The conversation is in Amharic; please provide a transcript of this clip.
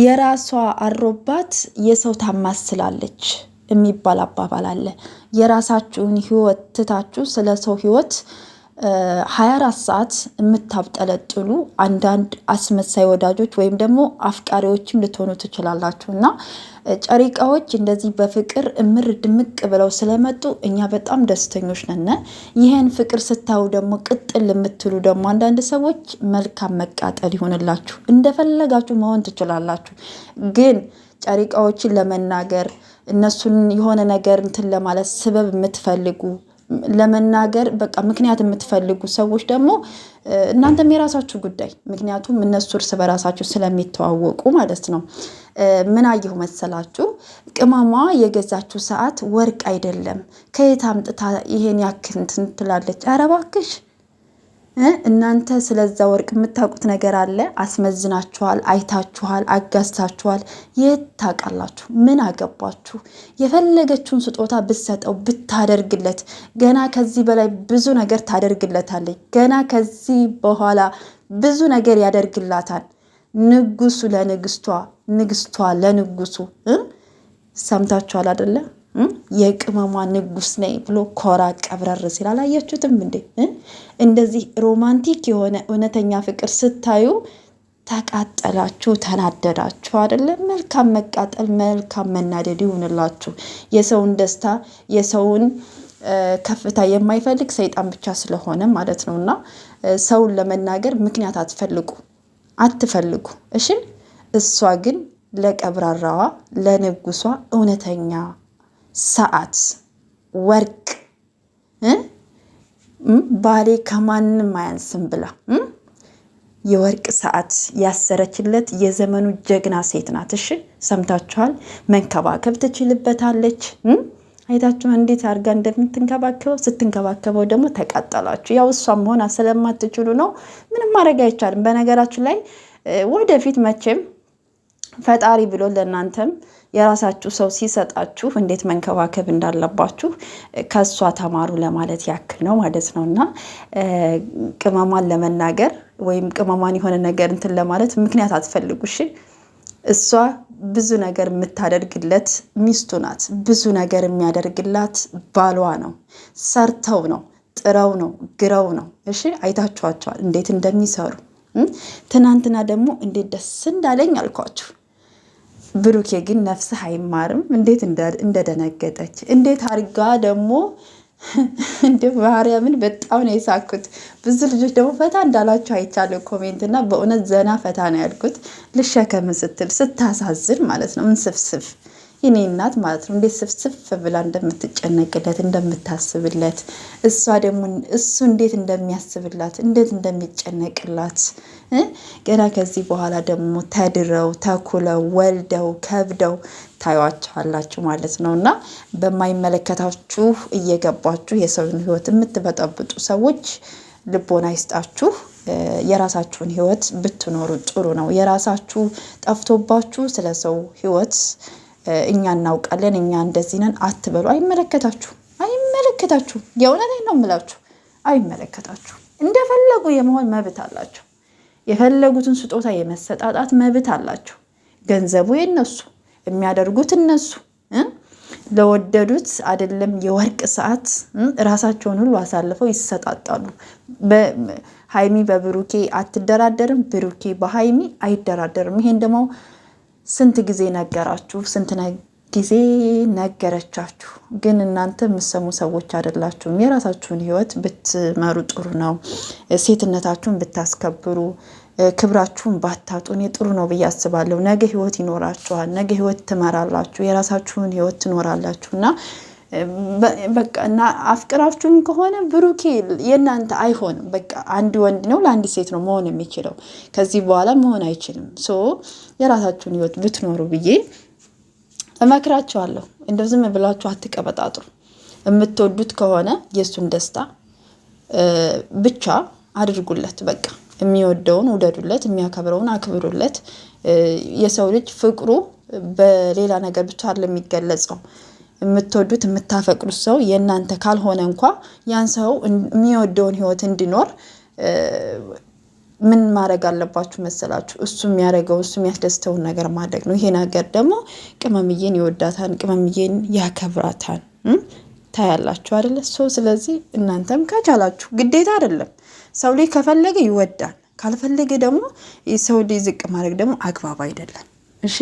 የራሷ አሮባት የሰው ታማስላለች የሚባል አባባል አለ። የራሳችሁን ህይወት ትታችሁ ስለ ሰው ህይወት 24 ሰዓት የምታብጠለጥሉ አንዳንድ አስመሳይ ወዳጆች ወይም ደግሞ አፍቃሪዎችም ልትሆኑ ትችላላችሁ እና ጨሪቃዎች እንደዚህ በፍቅር እምር ድምቅ ብለው ስለመጡ እኛ በጣም ደስተኞች ነን። ይህን ፍቅር ስታዩ ደግሞ ቅጥል የምትሉ ደግሞ አንዳንድ ሰዎች መልካም መቃጠል ይሆንላችሁ፣ እንደፈለጋችሁ መሆን ትችላላችሁ። ግን ጨሪቃዎችን ለመናገር እነሱን የሆነ ነገር እንትን ለማለት ስበብ የምትፈልጉ ለመናገር በቃ ምክንያት የምትፈልጉ ሰዎች ደግሞ እናንተም የራሳችሁ ጉዳይ፣ ምክንያቱም እነሱ እርስ በራሳችሁ ስለሚተዋወቁ ማለት ነው። ምን አየሁ መሰላችሁ? ቅመሟ የገዛችው ሰዓት ወርቅ አይደለም። ከየት አምጥታ ይሄን ያክል እንትን ትላለች? ኧረ እባክሽ እናንተ ስለዛ ወርቅ የምታውቁት ነገር አለ? አስመዝናችኋል፣ አይታችኋል፣ አጋዝታችኋል። የት ታውቃላችሁ? ምን አገባችሁ? የፈለገችውን ስጦታ ብትሰጠው ብታደርግለት፣ ገና ከዚህ በላይ ብዙ ነገር ታደርግለታለች። ገና ከዚህ በኋላ ብዙ ነገር ያደርግላታል። ንጉሱ ለንግስቷ፣ ንግስቷ ለንጉሱ። ሰምታችኋል አደለ? የቅመሟ ንጉስ ነኝ ብሎ ኮራ ቀብረር ሲል አላያችሁትም እንዴ? እንደዚህ ሮማንቲክ የሆነ እውነተኛ ፍቅር ስታዩ ተቃጠላችሁ፣ ተናደዳችሁ አይደለም? መልካም መቃጠል፣ መልካም መናደድ ይሁንላችሁ። የሰውን ደስታ የሰውን ከፍታ የማይፈልግ ሰይጣን ብቻ ስለሆነ ማለት ነው። እና ሰውን ለመናገር ምክንያት አትፈልጉ አትፈልጉ። እሽን እሷ ግን ለቀብራራዋ ለንጉሷ እውነተኛ ሰዓት፣ ወርቅ ባሌ ከማንም አያንስም ብላ የወርቅ ሰዓት ያሰረችለት የዘመኑ ጀግና ሴት ናት። እሺ ሰምታችኋል። መንከባከብ ትችልበታለች። አይታችሁ እንዴት አድርጋ እንደምትንከባከበው። ስትንከባከበው ደግሞ ተቃጠላችሁ። ያው እሷ መሆን ስለማትችሉ ነው። ምንም ማድረግ አይቻልም። በነገራችን ላይ ወደፊት መቼም ፈጣሪ ብሎ ለእናንተም የራሳችሁ ሰው ሲሰጣችሁ እንዴት መንከባከብ እንዳለባችሁ ከእሷ ተማሩ ለማለት ያክል ነው ማለት ነው። እና ቅመሟን ለመናገር ወይም ቅመሟን የሆነ ነገር እንትን ለማለት ምክንያት አትፈልጉ እሺ። እሷ ብዙ ነገር የምታደርግለት ሚስቱ ናት። ብዙ ነገር የሚያደርግላት ባሏ ነው። ሰርተው ነው፣ ጥረው ነው፣ ግረው ነው። እሺ አይታችኋቸዋል እንዴት እንደሚሰሩ ትናንትና ደግሞ እንዴት ደስ እንዳለኝ አልኳችሁ። ብሩኬ ግን ነፍስህ አይማርም። እንዴት እንደደነገጠች እንዴት አርጋ ደግሞ እንደ ማርያምን በጣም ነው የሳኩት። ብዙ ልጆች ደግሞ ፈታ እንዳላቸው አይቻለሁ ኮሜንት እና በእውነት ዘና ፈታ ነው ያልኩት። ልሸከም ስትል ስታሳዝን ማለት ነው እንስፍስፍ የኔ እናት ማለት ነው እንዴት ስፍስፍ ብላ እንደምትጨነቅለት እንደምታስብለት፣ እሷ ደግሞ እሱ እንዴት እንደሚያስብላት እንዴት እንደሚጨነቅላት ገና ከዚህ በኋላ ደግሞ ተድረው ተኩለው ወልደው ከብደው ታዩዋቸዋላችሁ ማለት ነው። እና በማይመለከታችሁ እየገባችሁ የሰውን ህይወት የምትበጠብጡ ሰዎች ልቦና ይስጣችሁ። የራሳችሁን ህይወት ብትኖሩ ጥሩ ነው። የራሳችሁ ጠፍቶባችሁ ስለ ሰው ሕይወት እኛ እናውቃለን፣ እኛ እንደዚህ ነን አትበሉ። አይመለከታችሁ፣ አይመለከታችሁ። የእውነት ነው የምላችሁ፣ አይመለከታችሁ። እንደፈለጉ የመሆን መብት አላቸው። የፈለጉትን ስጦታ የመሰጣጣት መብት አላቸው። ገንዘቡ የነሱ፣ የሚያደርጉት እነሱ ለወደዱት አይደለም የወርቅ ሰዓት ራሳቸውን ሁሉ አሳልፈው ይሰጣጣሉ። ሀይሚ በብሩኬ አትደራደርም፣ ብሩኬ በሀይሚ አይደራደርም። ይሄን ደግሞ ስንት ጊዜ ነገራችሁ? ስንት ጊዜ ነገረቻችሁ? ግን እናንተ የምትሰሙ ሰዎች አይደላችሁም። የራሳችሁን ህይወት ብትመሩ ጥሩ ነው። ሴትነታችሁን ብታስከብሩ ክብራችሁን ባታጡ እኔ ጥሩ ነው ብዬ አስባለሁ። ነገ ህይወት ይኖራችኋል። ነገ ህይወት ትመራላችሁ። የራሳችሁን ህይወት ትኖራላችሁ እና በቃ እና አፍቅራችሁን ከሆነ ብሩኬ የእናንተ አይሆንም። በቃ አንድ ወንድ ነው ለአንድ ሴት ነው መሆን የሚችለው። ከዚህ በኋላ መሆን አይችልም። ሶ የራሳችሁን ህይወት ብትኖሩ ብዬ እመክራችኋለሁ። እንደ ዝም ብላችሁ አትቀበጣጥሩ። የምትወዱት ከሆነ የእሱን ደስታ ብቻ አድርጉለት። በቃ የሚወደውን ውደዱለት፣ የሚያከብረውን አክብሩለት። የሰው ልጅ ፍቅሩ በሌላ ነገር ብቻ አይደለም የሚገለጸው የምትወዱት የምታፈቅዱት ሰው የእናንተ ካልሆነ እንኳ ያን ሰው የሚወደውን ህይወት እንዲኖር ምን ማድረግ አለባችሁ መሰላችሁ? እሱ የሚያደርገው እሱ የሚያስደስተውን ነገር ማድረግ ነው። ይሄ ነገር ደግሞ ቅመምዬን ይወዳታን፣ ቅመምዬን ያከብራታን። ታያላችሁ አይደለ? ሰው ስለዚህ እናንተም ከቻላችሁ ግዴታ አይደለም ሰው ልጅ ከፈለገ ይወዳል፣ ካልፈለገ ደግሞ ሰው ልጅ ዝቅ ማድረግ ደግሞ አግባብ አይደለም። እሺ